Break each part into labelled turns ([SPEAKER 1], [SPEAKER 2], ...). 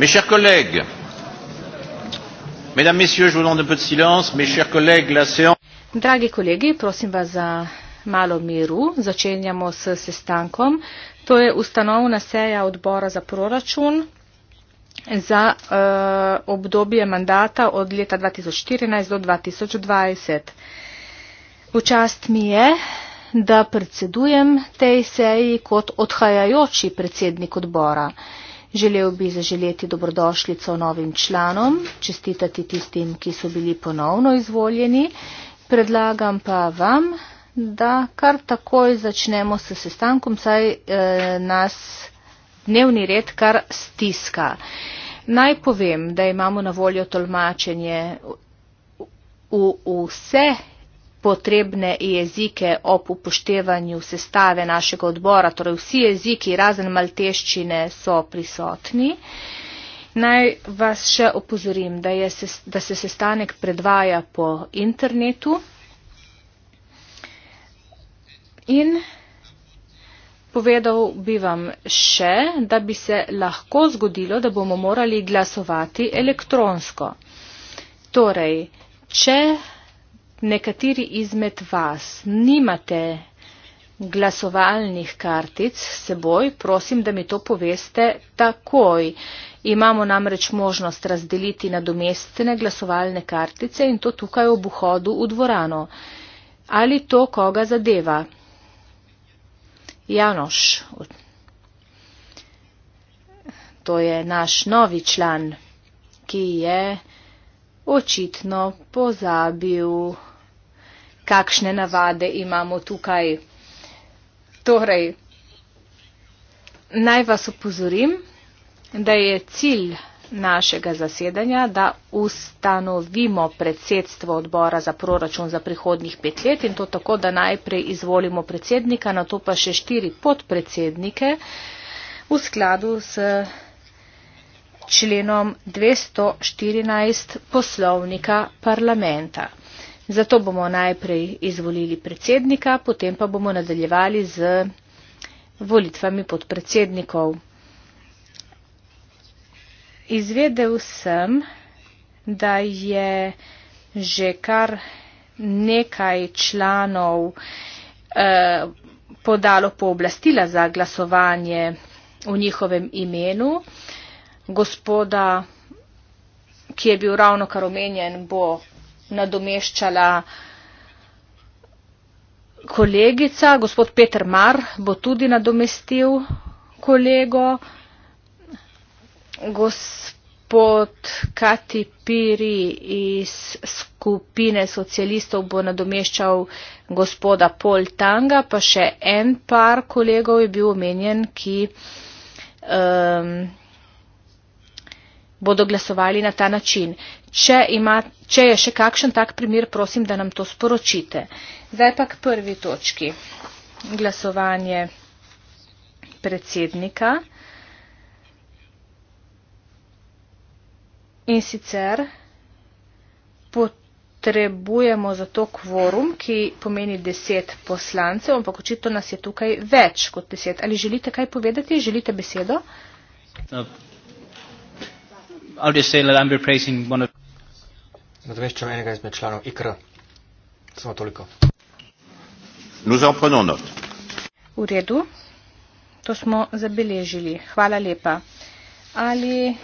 [SPEAKER 1] mes chers collègues mesdames messieurs je vous demande un peu de silence mes chers collègues la séance
[SPEAKER 2] Dragi kolegi, prosim vas za malo miru. Začenjamo s sestankom. To je ustanovna seja odbora za proračun za uh, obdobje mandata od leta 2014 do 2020. Včast mi je, da predsedujem tej seji kot odhajajoči predsednik odbora. Uh, Želel bi zaželeti dobrodošljico novim članom, čestitati tistim, ki so bili ponovno izvoljeni. Predlagam pa vam, da kar takoj začnemo s sestankom, saj eh, nas dnevni red kar stiska. Naj povem, da imamo na voljo tolmačenje v, v, v vse potrebne jezike ob upoštevanju sestave našega odbora. Torej vsi jeziki razen malteščine so prisotni. Naj vas še opozorim, da, je, da se sestanek predvaja po internetu. In povedal bi vam še, da bi se lahko zgodilo, da bomo morali glasovati elektronsko. Torej, če nekateri izmed vas nimate glasovalnih kartic s seboj, prosim, da mi to poveste takoj. Imamo namreč možnost razdeliti na domestne glasovalne kartice in to tukaj ob vhodu v dvorano. Ali to koga zadeva? Janoš. To je naš novi član, ki je očitno pozabil kakšne navade imamo tukaj. Torej, naj vas upozorim, da je cilj našega zasedanja, da ustanovimo predsedstvo odbora za proračun za prihodnih pet let in to tako, da najprej izvolimo predsednika, na to pa še štiri podpredsednike v skladu s členom 214 poslovnika parlamenta. Zato bomo najprej izvolili predsednika, potem pa bomo nadaljevali z volitvami podpredsednikov. Izvedel sem, da je že kar nekaj članov eh, podalo pooblastila za glasovanje v njihovem imenu. Gospoda, ki je bil ravno kar omenjen, bo nadomeščala kolegica, gospod Peter Mar bo tudi nadomestil kolego, gospod Kati Piri iz skupine socialistov bo nadomeščal gospoda Pol Tanga, pa še en par kolegov je bil omenjen, ki um, bodo glasovali na ta način. Če, ima, če je še kakšen tak primer, prosim, da nam to sporočite. Zdaj pa k prvi točki. Glasovanje predsednika. In sicer potrebujemo za to kvorum, ki pomeni deset poslancev, ampak očito nas je tukaj več kot deset. Ali želite kaj povedati? Želite besedo?
[SPEAKER 3] I'll just say that I'm replacing one of. Nadomeščam enega izmed članov IKR. Samo toliko.
[SPEAKER 1] Nous en prenons note.
[SPEAKER 2] V redu. To smo zabeležili. Hvala lepa. Ali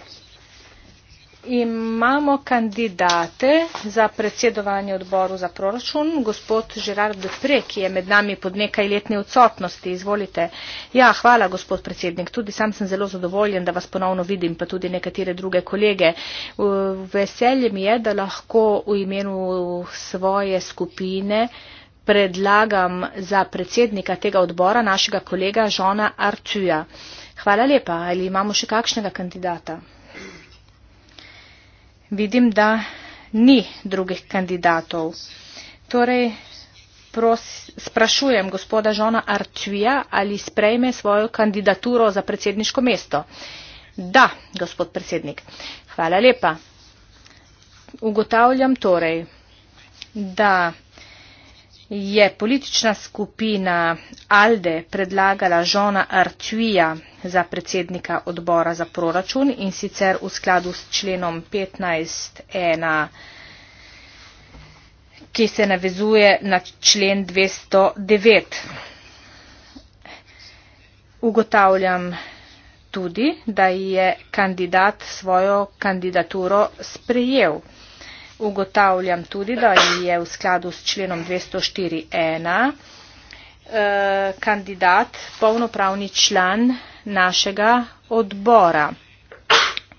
[SPEAKER 2] Imamo kandidate za predsedovanje odboru za proračun, gospod Žerard Depre, ki je med nami pod nekaj letne odsotnosti. Izvolite. Ja, hvala, gospod predsednik. Tudi sam sem zelo zadovoljen, da vas ponovno vidim, pa tudi nekatere druge kolege. Veselje mi je, da lahko v imenu svoje skupine predlagam za predsednika tega odbora našega kolega Žona Arčuja. Hvala lepa. Ali imamo še kakšnega kandidata? vidim, da ni drugih kandidatov. Torej, pros, sprašujem gospoda Žona Arčvija, ali sprejme svojo kandidaturo za predsedniško mesto. Da, gospod predsednik. Hvala lepa. Ugotavljam torej, da je politična skupina Alde predlagala Žona Arčvija za predsednika odbora za proračun in sicer v skladu s členom 15.1, ki se navezuje na člen 209. Ugotavljam tudi, da je kandidat svojo kandidaturo sprejel. Ugotavljam tudi, da je v skladu s členom 204.1 eh, kandidat polnopravni član našega odbora.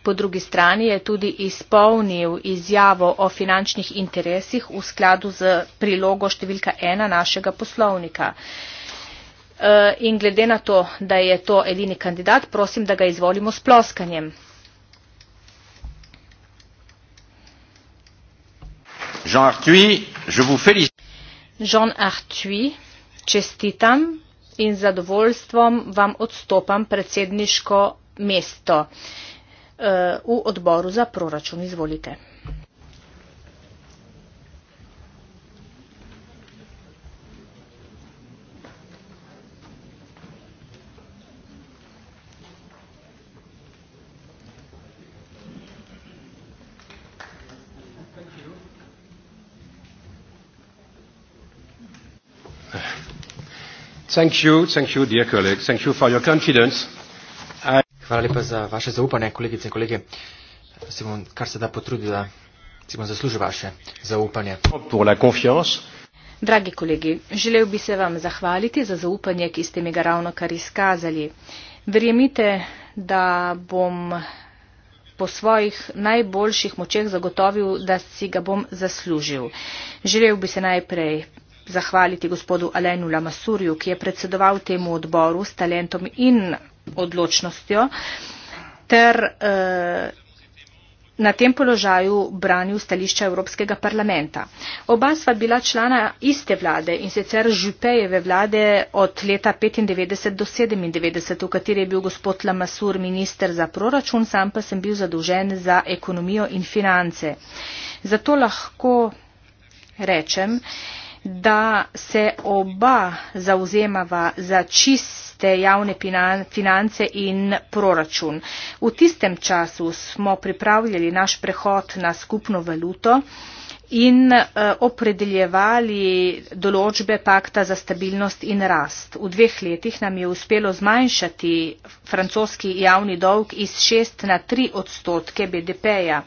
[SPEAKER 2] Po drugi strani je tudi izpolnil izjavo o finančnih interesih v skladu z prilogo številka 1 našega poslovnika. Eh, in glede na to, da je to edini kandidat, prosim, da ga izvolimo s ploskanjem.
[SPEAKER 1] Jean Arthuis, je vous félicite.
[SPEAKER 2] Jean Arthuis, čestitam in zadovoljstvom vam odstopam predsedniško mesto uh, v odboru za proračun. Izvolite.
[SPEAKER 3] Hvala lepa za vaše zaupanje, kolegice in kolege. Se bom kar se da potrudil, da si bom zaslužil vaše zaupanje.
[SPEAKER 2] Dragi kolegi, želel bi se vam zahvaliti za zaupanje, ki ste mi ga ravno kar izkazali. Verjemite, da bom po svojih najboljših močeh zagotovil, da si ga bom zaslužil. Želel bi se najprej zahvaliti gospodu Alenu Lamasurju, ki je predsedoval temu odboru s talentom in odločnostjo ter eh, na tem položaju branil stališča Evropskega parlamenta. Oba sva bila člana iste vlade in sicer Župejeve vlade od leta 1995 do 1997, v kateri je bil gospod Lamasur minister za proračun, sam pa sem bil zadolžen za ekonomijo in finance. Zato lahko rečem, da se oba zauzemava za čiste javne finance in proračun. V tistem času smo pripravljali naš prehod na skupno valuto in eh, opredeljevali določbe pakta za stabilnost in rast. V dveh letih nam je uspelo zmanjšati francoski javni dolg iz 6 na 3 odstotke BDP-ja.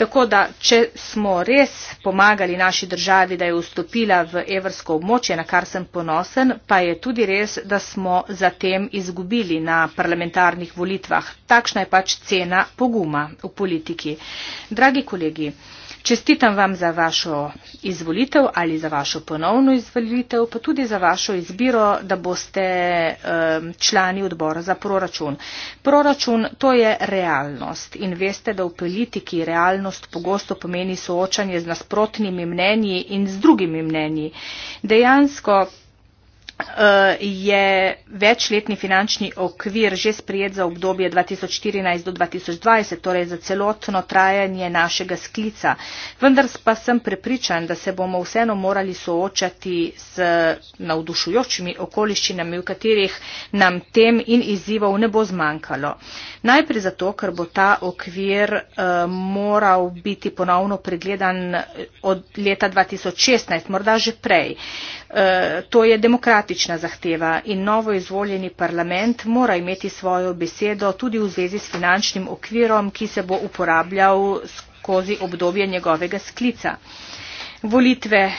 [SPEAKER 2] Tako da, če smo res pomagali naši državi, da je vstopila v evrsko območje, na kar sem ponosen, pa je tudi res, da smo zatem izgubili na parlamentarnih volitvah. Takšna je pač cena poguma v politiki. Dragi kolegi, Čestitam vam za vašo izvolitev ali za vašo ponovno izvolitev, pa tudi za vašo izbiro, da boste um, člani odbora za proračun. Proračun to je realnost in veste, da v politiki realnost pogosto pomeni soočanje z nasprotnimi mnenji in z drugimi mnenji. Dejansko Eh, je večletni finančni okvir že sprijet za obdobje 2014 do 2020, torej za celotno trajanje našega sklica. Vendar pa sem prepričan, da se bomo vseeno morali soočati s navdušujočimi okoliščinami, v katerih nam tem in izzivov ne bo zmanjkalo. Najprej zato, ker bo ta okvir eh, moral biti ponovno pregledan od leta 2016, morda že prej. Eh, to je demokratična zahteva in novo izvoljeni parlament mora imeti svojo besedo tudi v zvezi s finančnim okvirom, ki se bo uporabljal skozi obdobje njegovega sklica. Volitve,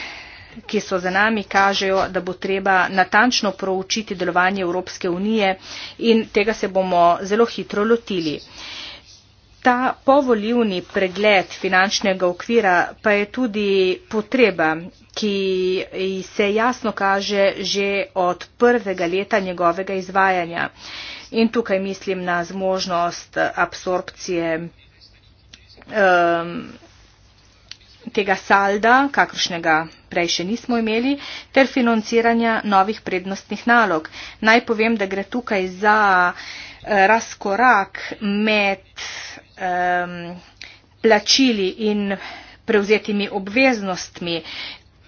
[SPEAKER 2] ki so za nami, kažejo, da bo treba natančno proučiti delovanje Evropske unije in tega se bomo zelo hitro lotili. Ta povoljivni pregled finančnega okvira pa je tudi potreba, ki se jasno kaže že od prvega leta njegovega izvajanja. In tukaj mislim na zmožnost absorpcije um, tega salda, kakršnega prej še nismo imeli, ter financiranja novih prednostnih nalog. Naj povem, da gre tukaj za. Eh, razkorak med um, plačili in prevzetimi obveznostmi,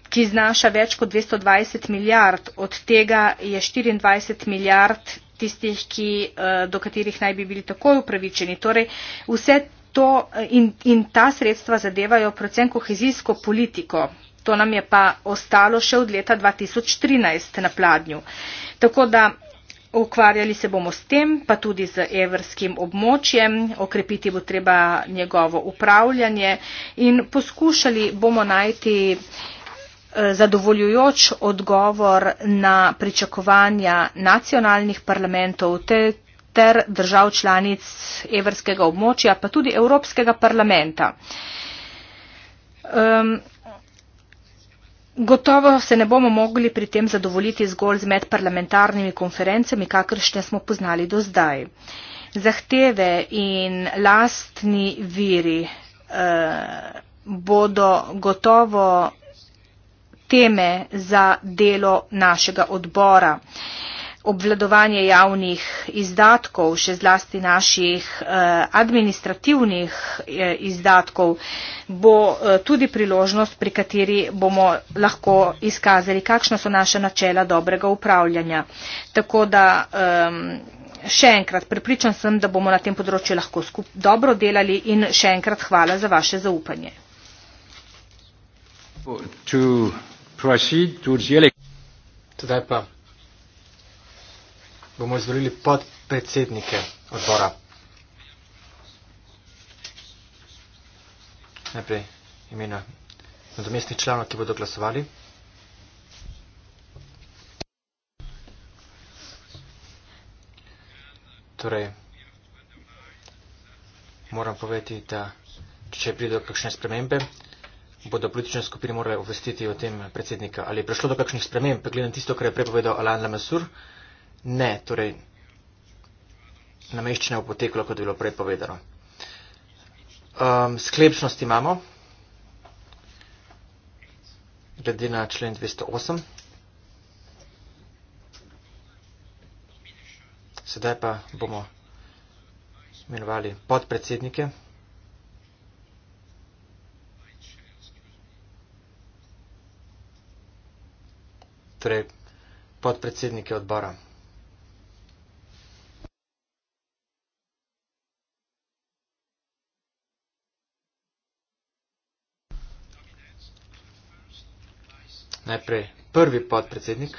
[SPEAKER 2] ki znaša več kot 220 milijard, od tega je 24 milijard tistih, ki, eh, do katerih naj bi bili takoj upravičeni. Torej, vse to eh, in, in ta sredstva zadevajo predvsem kohezijsko politiko. To nam je pa ostalo še od leta 2013 na pladnju. Tako da Ukvarjali se bomo s tem, pa tudi z evrskim območjem, okrepiti bo treba njegovo upravljanje in poskušali bomo najti eh, zadovoljujoč odgovor na pričakovanja nacionalnih parlamentov ter držav članic evrskega območja, pa tudi Evropskega parlamenta. Gotovo se ne bomo mogli pri tem zadovoljiti zgolj z medparlamentarnimi konferencami, kakršne smo poznali do zdaj. Zahteve in lastni viri eh, bodo gotovo teme za delo našega odbora. Eh, obvladovanje javnih izdatkov, še zlasti naših eh, administrativnih eh, izdatkov, bo eh, tudi priložnost, pri kateri bomo lahko izkazali, kakšna so naša načela dobrega upravljanja. Tako da ehm, še enkrat pripričan sem, da bomo na tem področju lahko skup dobro delali in še enkrat hvala za vaše zaupanje.
[SPEAKER 1] Tudi
[SPEAKER 3] pa bomo izvolili podpredsednike odbora. Najprej imena nadomestnih članov, ki bodo glasovali. Torej, moram povedati, da če pride do kakšne spremembe, bodo politične skupine morale obvestiti o tem predsednika. Ali je prišlo do kakšnih sprememb, glede na tisto, kar je prepovedal Alain Lamassoure, ne, torej nameščanje v poteklo, kot je bilo predpovedano. Um, sklepčnost imamo, glede na člen 208. Sedaj pa bomo imenovali podpredsednike. Torej, podpredsednike odbora. najprej prvi podpredsednik.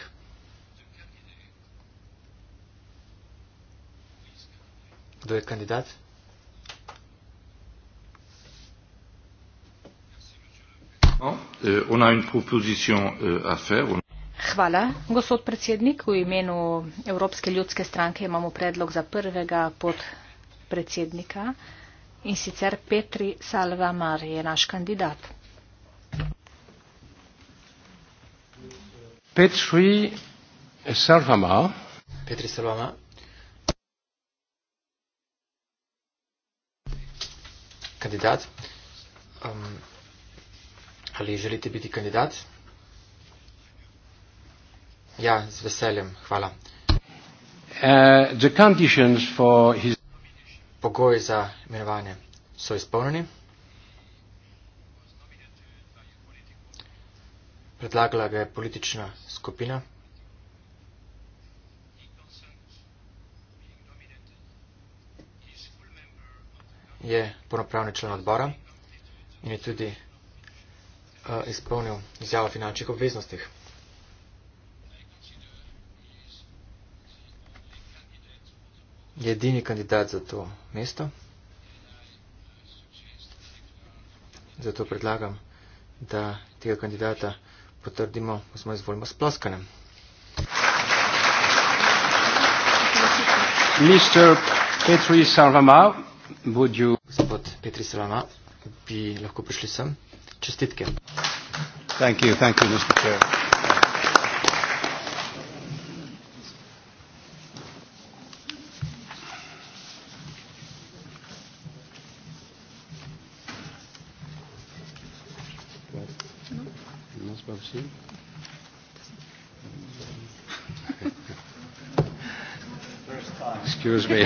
[SPEAKER 3] Kdo je kandidat? No.
[SPEAKER 1] Eh, eh,
[SPEAKER 2] Hvala, gospod predsednik. V imenu Evropske ljudske stranke imamo predlog za prvega podpredsednika in sicer Petri Salva Mar je naš kandidat.
[SPEAKER 1] Petri Sarvama.
[SPEAKER 3] Petri Sarvama. Kandidat. Um, ali želite biti kandidat? Ja, z veseljem, hvala. Uh, the conditions for his... Pogoji za imenovanje so izpolnjeni. predlagala ga je politična skupina. Je ponopravni član odbora in je tudi uh, izpolnil izjavo finančnih obveznostih. Je edini kandidat za to mesto. Zato predlagam, da tega kandidata potrdimo, ko smo izvolimo s ploskanjem. Mr. Petri Salvama, would you... Gospod Petri Salvama, bi lahko prišli sem. Čestitke. Thank
[SPEAKER 1] you, thank you, Mr. Chair. me.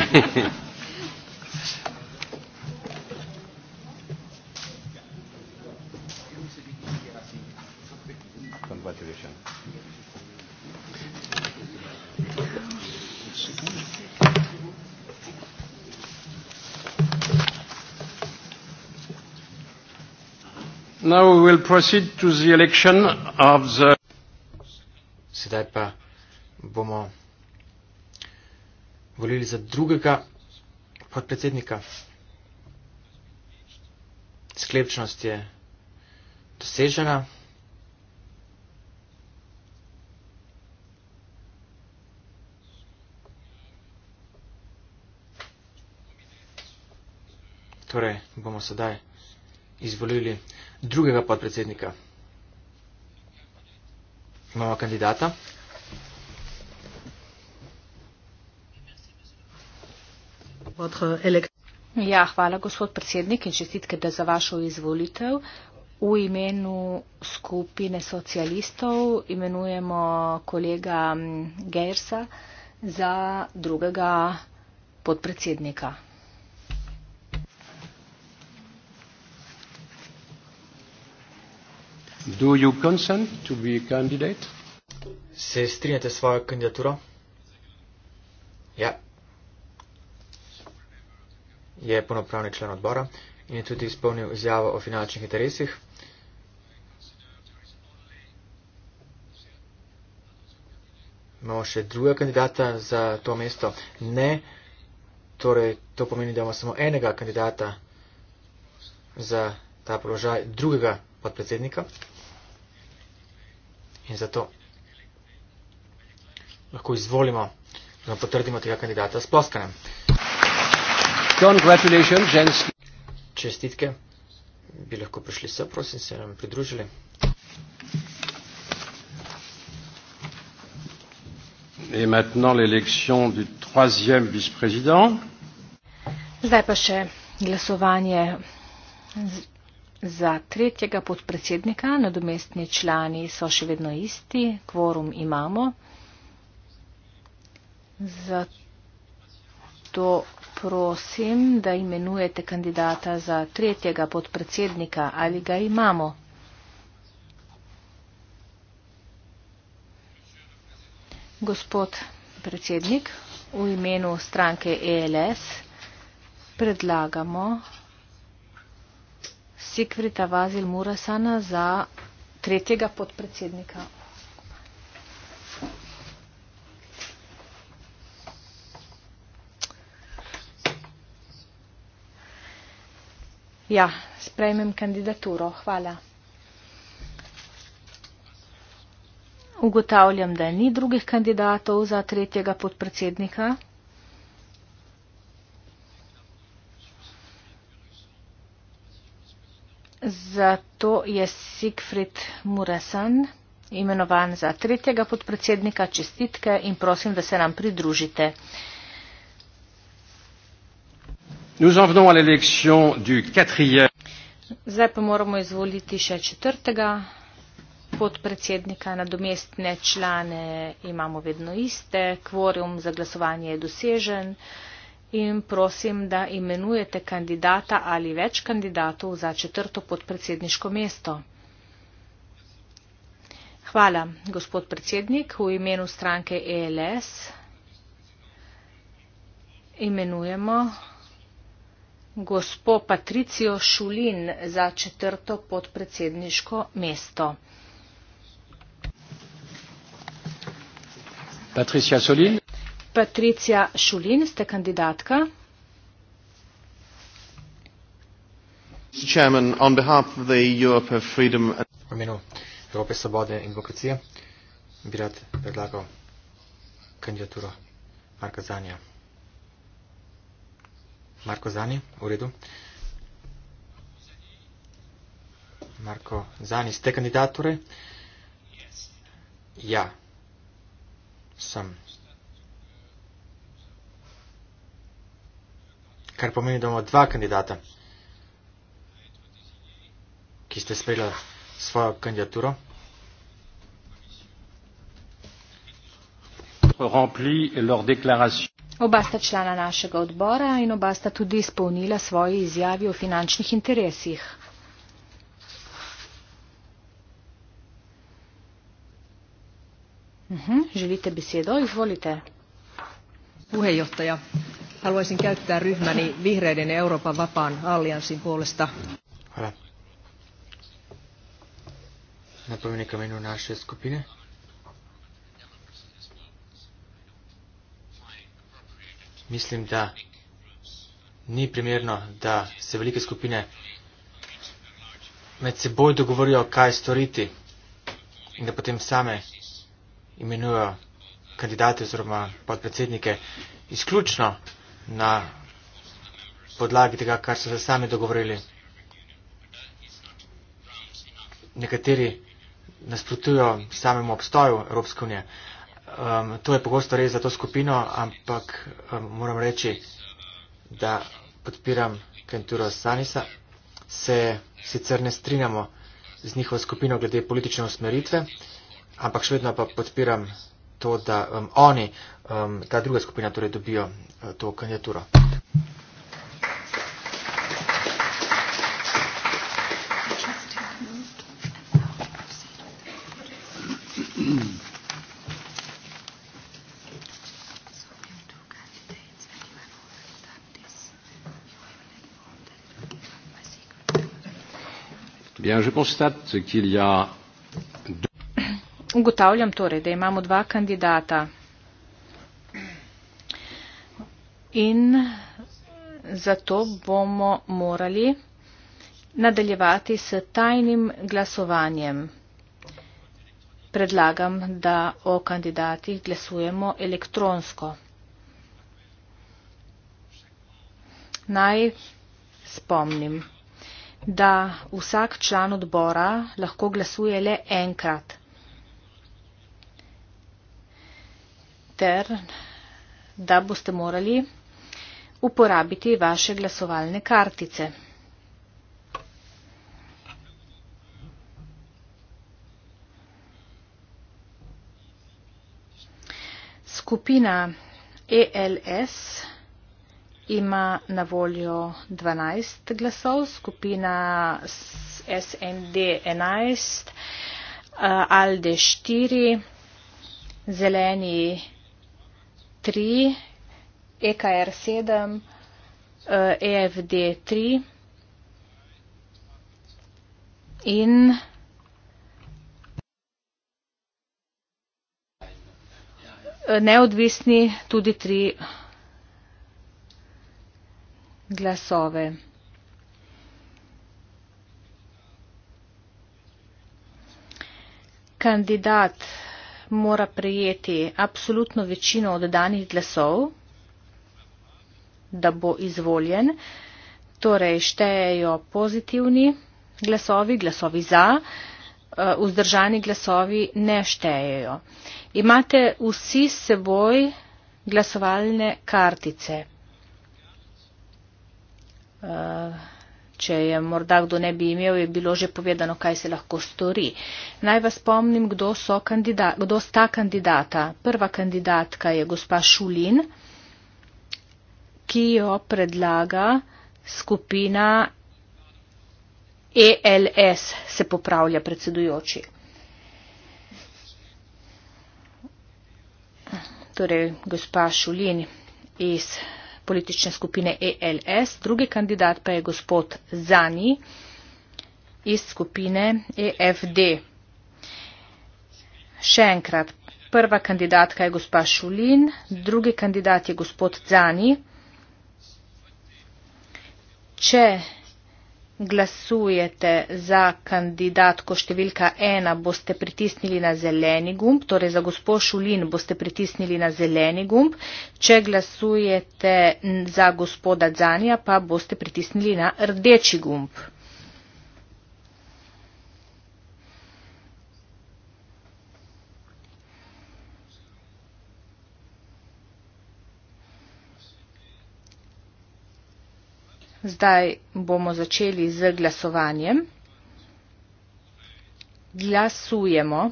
[SPEAKER 1] Now we will proceed to the election
[SPEAKER 3] of the. C'est pas bon moment volili za drugega podpredsednika. Sklepčnost je dosežena. Torej bomo sedaj izvolili drugega podpredsednika. Imamo kandidata.
[SPEAKER 2] votre élection. Ja, hvala, gospod predsednik, in čestitke za vašo izvolitev. V imenu skupine socialistov imenujemo kolega Gersa za drugega podpredsednika.
[SPEAKER 1] Do you
[SPEAKER 3] consent to be a candidate? Se strinjate s svojo kandidaturo? Ja. Yeah je ponopravni člen odbora in je tudi izpolnil izjavo o finančnih interesih. Imamo še druga kandidata za to mesto. Ne, torej to pomeni, da imamo samo enega kandidata za ta položaj drugega podpredsednika. In zato lahko izvolimo, da potrdimo tega kandidata s ploskanem. Čestitke. Bi lahko prišli se, prosim, se nam pridružili.
[SPEAKER 1] Et maintenant l'élection du troisième vice-président.
[SPEAKER 2] Zdaj pa še glasovanje za tretjega podpredsednika. Nadomestni člani so še vedno isti. Kvorum imamo. Zato prosim, da imenujete kandidata za tretjega podpredsednika. Ali ga imamo? Gospod predsednik, v imenu stranke ELS predlagamo Sikvrita Vazil Murasana za tretjega podpredsednika Ja, sprejmem kandidaturo. Hvala. Ugotavljam, da ni drugih kandidatov za tretjega podpredsednika. Zato je Siegfried Muresan imenovan za tretjega podpredsednika. Čestitke in prosim, da se nam pridružite.
[SPEAKER 1] Nous en venons à l'élection du quatrième.
[SPEAKER 2] Zdaj pa moramo izvoliti še četrtega podpredsednika na domestne člane. Imamo vedno iste. Kvorum za glasovanje je dosežen. In prosim, da imenujete kandidata ali več kandidatov za četrto podpredsedniško mesto. Hvala, gospod predsednik. V imenu stranke ELS imenujemo gospo Patricijo Šulin za četrto podpredsedniško mesto.
[SPEAKER 1] Patricija Šulin.
[SPEAKER 2] Patricija Šulin, ste kandidatka.
[SPEAKER 3] Chairman, on behalf of the Europe of Freedom and... V imenu Evrope svobode in demokracije bi rad predlagal kandidaturo Marka Zanja. Marko Zani, v redu. Marko Zani, ste kandidat torej? Ja, sem. Kar pomeni, da imamo dva kandidata, ki ste sprejeli svojo kandidaturo.
[SPEAKER 1] rempli leur déclaration.
[SPEAKER 2] Oba sta člana našega odbora in oba sta tudi izpolnila svoje izjavi o finančnih interesih. Uh mhm, -huh. Želite besedo? Izvolite. Ja Hvala.
[SPEAKER 3] Napomnite, kaj je v naše skupine? mislim, da ni primerno, da se velike skupine med seboj dogovorijo, kaj storiti in da potem same imenujejo kandidate oziroma podpredsednike izključno na podlagi tega, kar so se sami dogovorili. Nekateri nasprotujo samemu obstoju Evropske unije um, to je pogosto res za to skupino, ampak um, moram reči, da podpiram Kenturo Sanisa, se sicer ne strinjamo z njihovo skupino glede politične usmeritve, ampak še vedno pa podpiram to, da um, oni, um, ta druga skupina, torej dobijo uh, to kandidaturo.
[SPEAKER 1] Ja
[SPEAKER 2] Ugotavljam torej, da imamo dva kandidata. In zato bomo morali nadaljevati s tajnim glasovanjem. Predlagam, da o kandidatih glasujemo elektronsko. Naj spomnim da vsak član odbora lahko glasuje le enkrat. ter da boste morali uporabiti vaše glasovalne kartice. Skupina ELS ima na voljo 12 glasov, skupina SND 11, eh, ALDE 4, Zeleni 3, EKR 7, EFD 3 in neodvisni tudi 3 glasov glasove. Kandidat mora prejeti absolutno večino od danih glasov, da bo izvoljen. Torej štejejo pozitivni glasovi, glasovi za, eh, vzdržani glasovi ne štejejo. Imate vsi s seboj glasovalne kartice. Eh, če je morda kdo ne bi imel, je bilo že povedano, kaj se lahko stori. Naj vas spomnim, kdo, so kandida, kdo sta kandidata. Prva kandidatka je gospa Šulin, ki jo predlaga skupina ELS, se popravlja predsedujoči. Torej, gospa Šulin iz politične skupine ELS, drugi kandidat pa je gospod Zani iz skupine EFD. Še enkrat, prva kandidatka je gospa Šulin, drugi kandidat je gospod Zani. Če glasujete za kandidatko številka ena, boste pritisnili na zeleni gumb, torej za gospo Šulin boste pritisnili na zeleni gumb, če glasujete za gospoda Dzanja, pa boste pritisnili na rdeči gumb. Zdaj bomo začeli z glasovanjem. Glasujemo.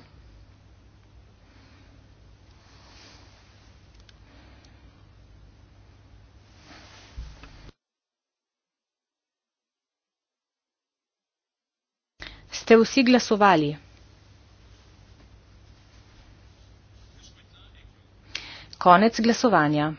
[SPEAKER 2] Ste vsi glasovali? Konec glasovanja.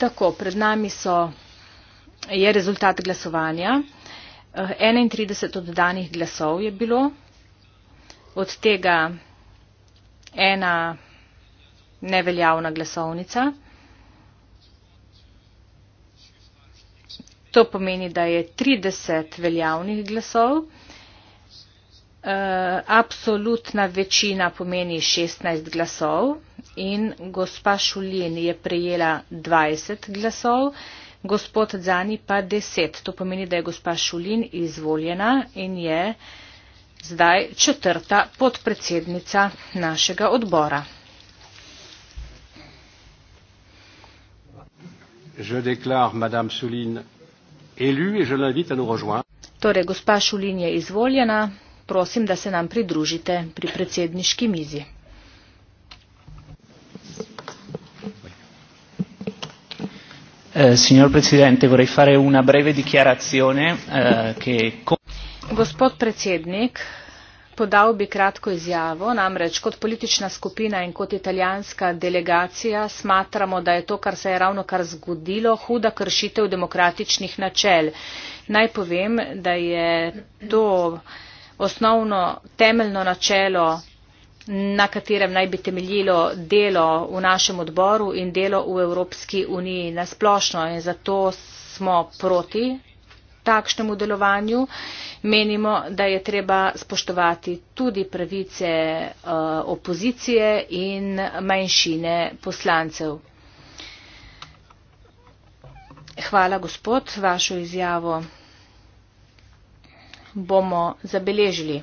[SPEAKER 2] Tako, pred nami so, je rezultat glasovanja. 31 eh, oddanih glasov je bilo, od tega ena neveljavna glasovnica. To pomeni, da je 30 veljavnih glasov. E, absolutna večina pomeni 16 glasov in gospa Šulin je prejela 20 glasov, gospod Dzani pa 10. To pomeni, da je gospa Šulin izvoljena in je zdaj četrta podpredsednica našega odbora.
[SPEAKER 1] Je déclare madame Souline élue et je l'invite à nous rejoindre.
[SPEAKER 2] Torej, gospa Šulin je izvoljena, prosim, da se nam pridružite pri predsedniški mizi. Eh, signor presidente vorrei fare una breve dichiarazione eh, che. gospod predsednik podal bi kratko izjavo namreč kot politična skupina in kot italijanska delegacija smatramo da je to kar se je ravnokar zgodilo huda kršitev demokratičnih načel naj povem da je to osnovno temeljno načelo na katerem naj bi temeljilo delo v našem odboru in delo v Evropski uniji nasplošno. In zato smo proti takšnemu delovanju. Menimo, da je treba spoštovati tudi pravice eh, opozicije in manjšine poslancev. Hvala, gospod, vašo izjavo bomo zabeležili.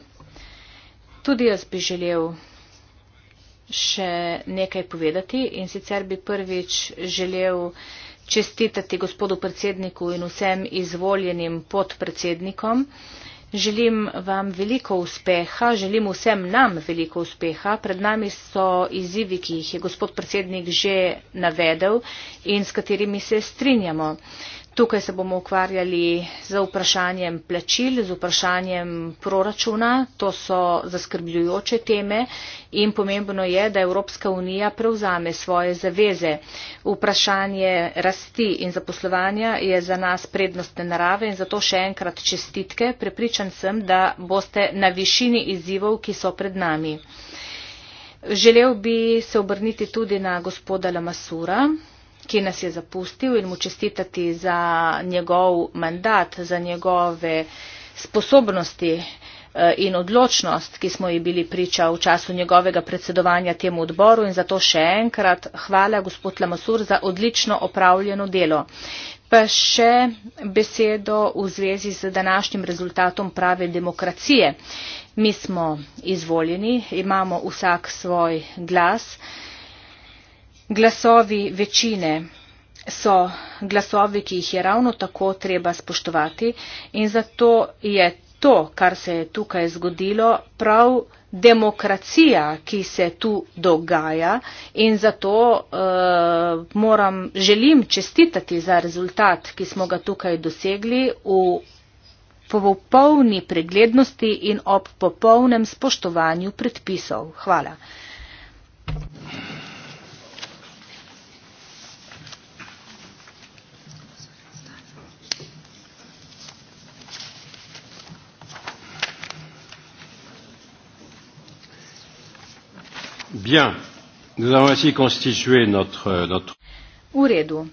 [SPEAKER 2] Tudi jaz bi želel še nekaj povedati in sicer bi prvič želel čestitati gospodu predsedniku in vsem izvoljenim podpredsednikom. Želim vam veliko uspeha, želim vsem nam veliko uspeha. Pred nami so izzivi, ki jih je gospod predsednik že navedel in s katerimi se strinjamo. Tukaj se bomo ukvarjali z vprašanjem plačil, z vprašanjem proračuna. To so zaskrbljujoče teme in pomembno je, da Evropska unija prevzame svoje zaveze. Vprašanje rasti in zaposlovanja je za nas prednostne narave in zato še enkrat čestitke. Prepričan sem, da boste na višini izzivov, ki so pred nami. Želel bi se obrniti tudi na gospoda Lamasura ki nas je zapustil in mu čestitati za njegov mandat, za njegove sposobnosti eh, in odločnost, ki smo ji bili priča v času njegovega predsedovanja temu odboru in zato še enkrat hvala gospod Lamasur za odlično opravljeno delo. Pa še besedo v zvezi z današnjim rezultatom prave demokracije. Mi smo izvoljeni, imamo vsak svoj glas. Glasovi večine so glasovi, ki jih je ravno tako treba spoštovati in zato je to, kar se je tukaj zgodilo, prav demokracija, ki se tu dogaja in zato uh, moram, želim čestitati za rezultat, ki smo ga tukaj dosegli v popolni preglednosti in ob popolnem spoštovanju predpisov. Hvala. Thank you.
[SPEAKER 1] Bien. Nous avons ainsi constitué notre, euh, notre...
[SPEAKER 2] V redu.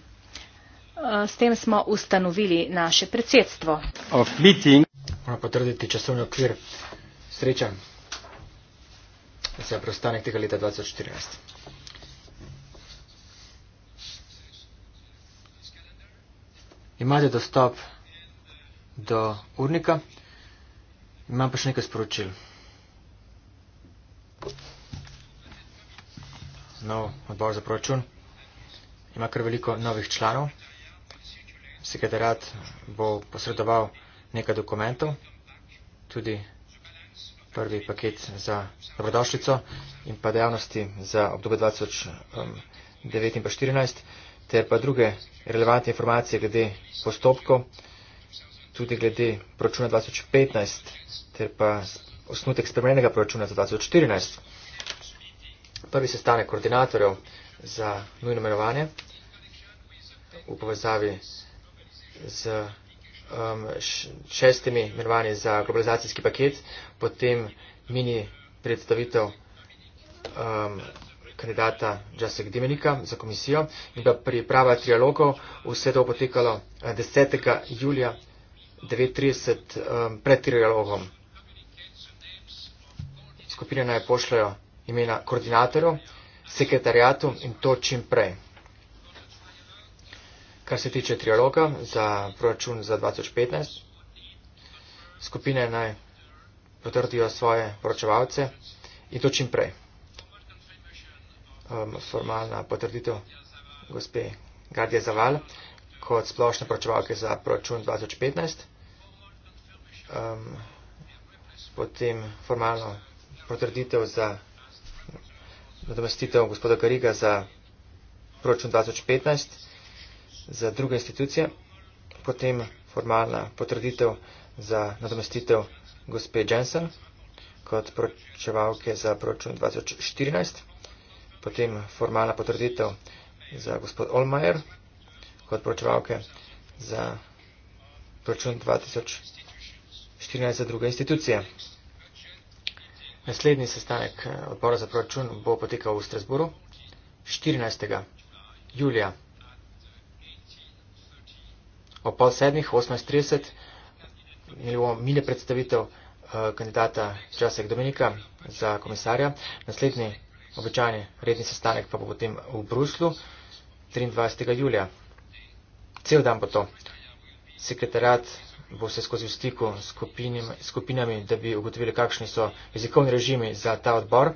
[SPEAKER 2] Uh, s tem smo ustanovili naše predsedstvo.
[SPEAKER 3] Moram potrditi časovni okvir. Srečam, da se je preostanek tega leta 2014. Imate dostop do urnika, imam pa še nekaj sporočil. nov odbor za proračun. Ima kar veliko novih članov. Sekretarat bo posredoval nekaj dokumentov, tudi prvi paket za dobrodošlico in pa dejavnosti za obdobje 2009 in pa 2014, ter pa druge relevantne informacije glede postopkov, tudi glede proračuna 2015, ter pa osnutek spremenjenega proračuna za 2014 prvi sestanek koordinatorjev za nujno imenovanje v povezavi z um, šestimi imenovanji za globalizacijski paket, potem mini predstavitev um, kandidata Jasek Dimenika za komisijo in pa priprava trialogov. Vse to potekalo 10. Eh, julija 9.30 um, pred trialogom. Skupine naj pošljajo imena koordinatorjev, sekretarijatu in to čim prej. Kar se tiče trialoga za proračun za 2015, skupine naj potrdijo svoje poročevalce in to čim prej. Um, formalna potrditev gospe Gardje Zaval kot splošne poročevalke za proračun 2015. Um, potem formalno potrditev za nadomestitev gospoda Kariga za proračun 2015 za druge institucije, potem formalna potrditev za nadomestitev gospe Jensen kot poročevalke za proračun 2014, potem formalna potrditev za gospod Olmajer kot poročevalke za proračun 2014 za druge institucije. Naslednji sestanek eh, odbora za proračun bo potekal v Strasburu 14. julija. O pol sedmih, 18.30, milimo mile predstavitev eh, kandidata Jacek Dominika za komisarja. Naslednji običajni redni sestanek pa bo potem v Bruslu 23. julija. Cel dan bo to. Sekretarat boste skozi v stiku s skupinami, skupinami, da bi ugotovili, kakšni so jezikovni režimi za ta odbor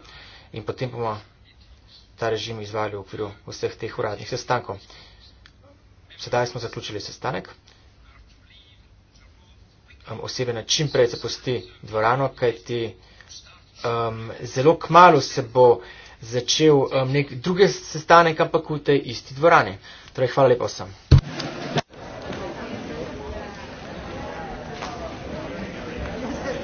[SPEAKER 3] in potem bomo ta režim izvali v okviru vseh teh uradnih sestankov. Sedaj smo zaključili sestanek. Um, osebe na čim prej zapusti dvorano, kajti um, zelo kmalo se bo začel um, nek druge sestanek, ampak v tej isti dvorani. Torej, hvala lepa vsem.